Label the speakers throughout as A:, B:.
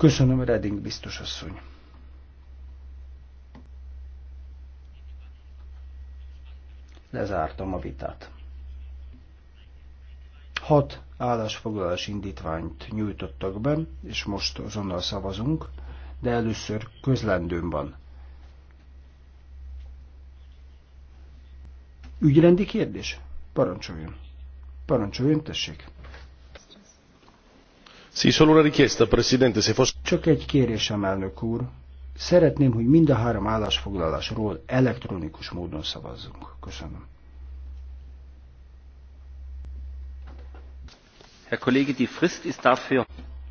A: Köszönöm, Reding biztos asszony. Lezártam a vitát. Hat állásfoglalás indítványt nyújtottak be, és most azonnal szavazunk, de először közlendőm van. Ügyrendi kérdés? Parancsoljon. Parancsoljon, tessék. Sì, solo una richiesta, Presidente, se fosse... Csak egy kérésem, elnök úr. Szeretném, hogy mind a három állásfoglalásról elektronikus módon szavazzunk. Köszönöm. Herr Kollege, die Frist ist dafür.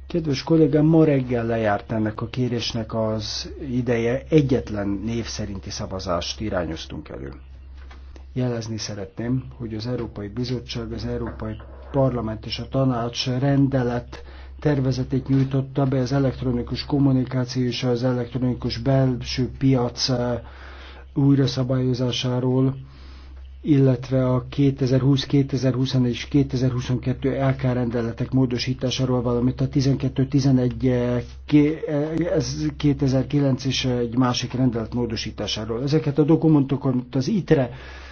A: Kedves kollégám, ma reggel lejárt ennek a kérésnek az ideje, egyetlen név szerinti szavazást irányoztunk elő. Jelezni szeretném, hogy az Európai Bizottság, az Európai Parlament és a Tanács rendelet tervezetét nyújtotta be az elektronikus kommunikáció és az elektronikus belső piac eh, újra szabályozásáról, illetve a 2020, 2021 és 2022 LK rendeletek módosításáról, valamint a 12-11 2009 eh, eh, és egy másik rendelet módosításáról. Ezeket a dokumentokat az ITRE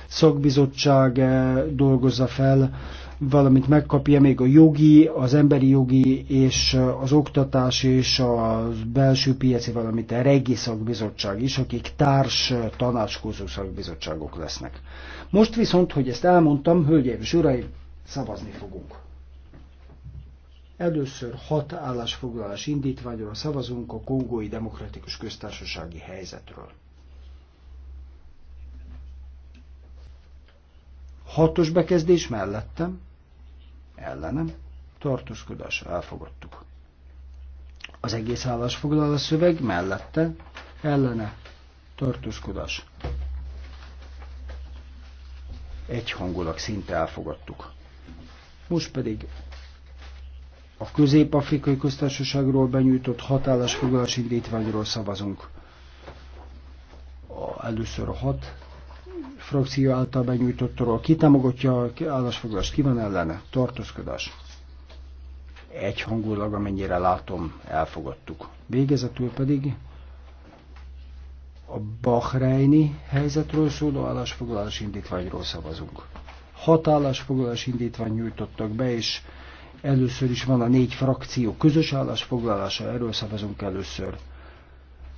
A: szakbizottság eh, dolgozza fel, valamint megkapja még a jogi, az emberi jogi és eh, az oktatás és a belső piaci, valamint a regi szakbizottság is, akik társ eh, tanácskozó szakbizottságok lesznek. Most viszont, hogy ezt elmondtam, hölgyeim és uraim, szavazni fogunk. Először hat állásfoglalás indítványról szavazunk a Kongói Demokratikus Köztársasági helyzetről. Hatos bekezdés mellettem, ellenem, tartózkodás, elfogadtuk. Az egész állásfoglalás szöveg mellette, ellene, tartózkodás. hangulag szinte elfogadtuk. Most pedig a Közép-Afrikai Köztársaságról benyújtott foglalás indítványról szavazunk. Először a hat frakció által benyújtottról. Ki támogatja állásfoglalást? Ki van ellene? Tartózkodás. Egyhangulag, amennyire látom, elfogadtuk. Végezetül pedig a Bahreini helyzetről szóló állásfoglalás indítványról szavazunk. Hat állásfoglalás indítvány nyújtottak be, és először is van a négy frakció közös állásfoglalása, erről szavazunk először.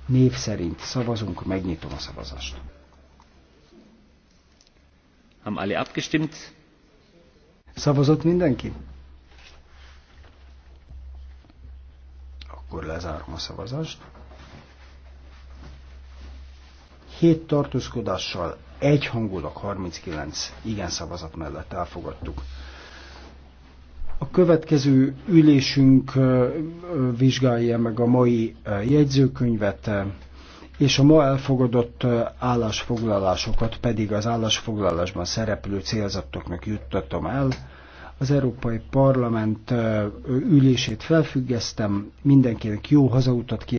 A: Név szerint szavazunk, megnyitom a szavazást. Haben alle abgestimmt? Szavazott mindenki? Akkor lezárom a szavazást. Hét tartózkodással egyhangulag 39 igen szavazat mellett elfogadtuk. A következő ülésünk vizsgálja meg a mai jegyzőkönyvet és a ma elfogadott állásfoglalásokat pedig az állásfoglalásban szereplő célzatoknak juttatom el. Az Európai Parlament ülését felfüggesztem, mindenkinek jó hazautat kívánok.